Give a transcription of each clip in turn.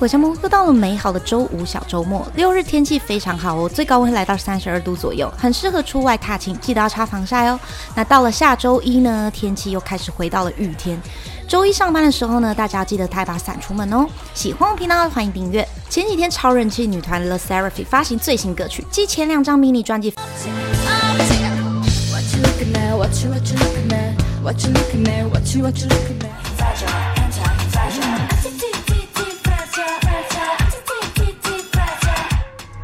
我星們又到了美好的週五小週末，六日天氣非常好哦，最高溫來到三十二度左右，很適合出外踏青，記得要擦防曬哦。那到了下週一呢，天氣又開始回到了雨天。週一上班的時候呢，大家要記得帶把傘出門哦。喜歡我的頻道，歡迎訂閱。前幾天超人氣女團 LE SSERAFIM 發行最新歌曲，繼前兩張 mini 專輯。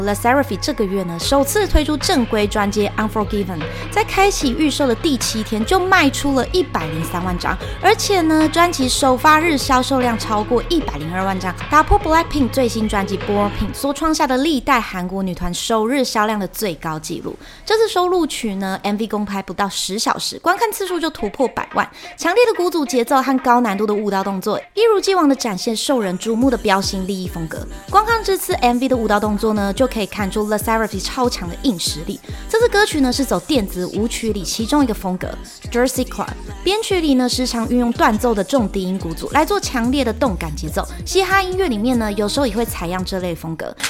The LE SSERAFIM 這個月呢，首次推出正規專輯《Unforgiven》，在開啟預售的第七天就賣出了一百零三萬張，而且呢，專輯首發日銷售量超過一百零二萬張，打破 BLACKPINK 最新專輯《Born Pink》所創下的歷代韓國女團首日銷量的最高紀錄。這次收錄曲呢，MV 公開不到十小時，觀看次數就突破百萬。強烈的鼓組節奏和高難度的舞蹈動作，一如既往的展現受人矚目的標新立異風格。光看這次 MV 的舞蹈動作呢，就可。可以看出 LE SSERAFIM 超強的硬實力。這支歌曲呢，是走電子舞曲裡其中一個風格，Jersey Club。編曲裡呢，時常運用斷奏的重低音鼓組來做強烈的動感節奏。嘻哈音樂裡面呢，有時候也會採樣這類風格。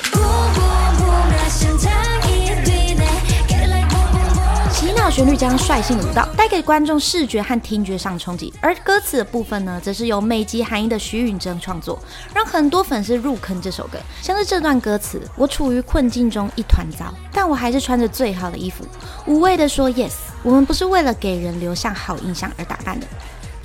旋律將率性舞蹈帶給觀眾視覺和聽覺上衝擊，而歌詞的部分呢，則是由美籍韓裔的徐允珍創作，讓很多粉絲入坑這首歌。像是這段歌詞：“我處於困境中，一團糟，但我還是穿着最好的衣服，無畏的說 yes，我們不是為了給人留下好印象而打扮的。”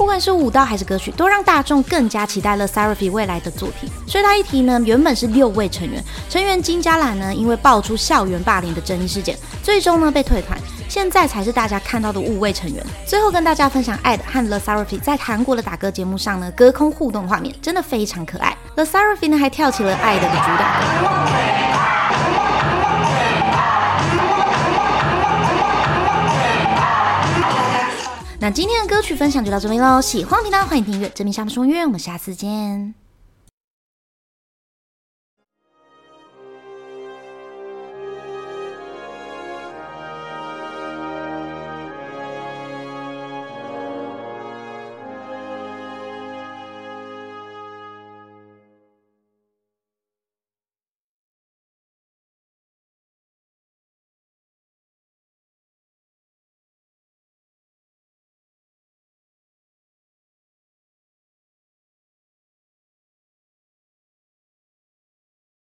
不管是舞蹈還是歌曲，都讓大眾更加期待了 LE SSERAFIM 未來的作品。所以他一提呢，原本是六位成員，成員金加蘭呢，因為爆出校園霸凌的爭議事件，最終呢被退團，現在才是大家看到的五位成員。最後跟大家分享，IVE 和 LE SSERAFIM 在韓國的打歌節目上呢，隔空互動畫面真的非常可愛。LE SSERAFIM 呢還跳起了 IVE 的主打。那今天的歌曲分享就到這裡嘍，喜歡我的頻道，歡迎訂閱，這裡是夏慕說音樂，我們下次見。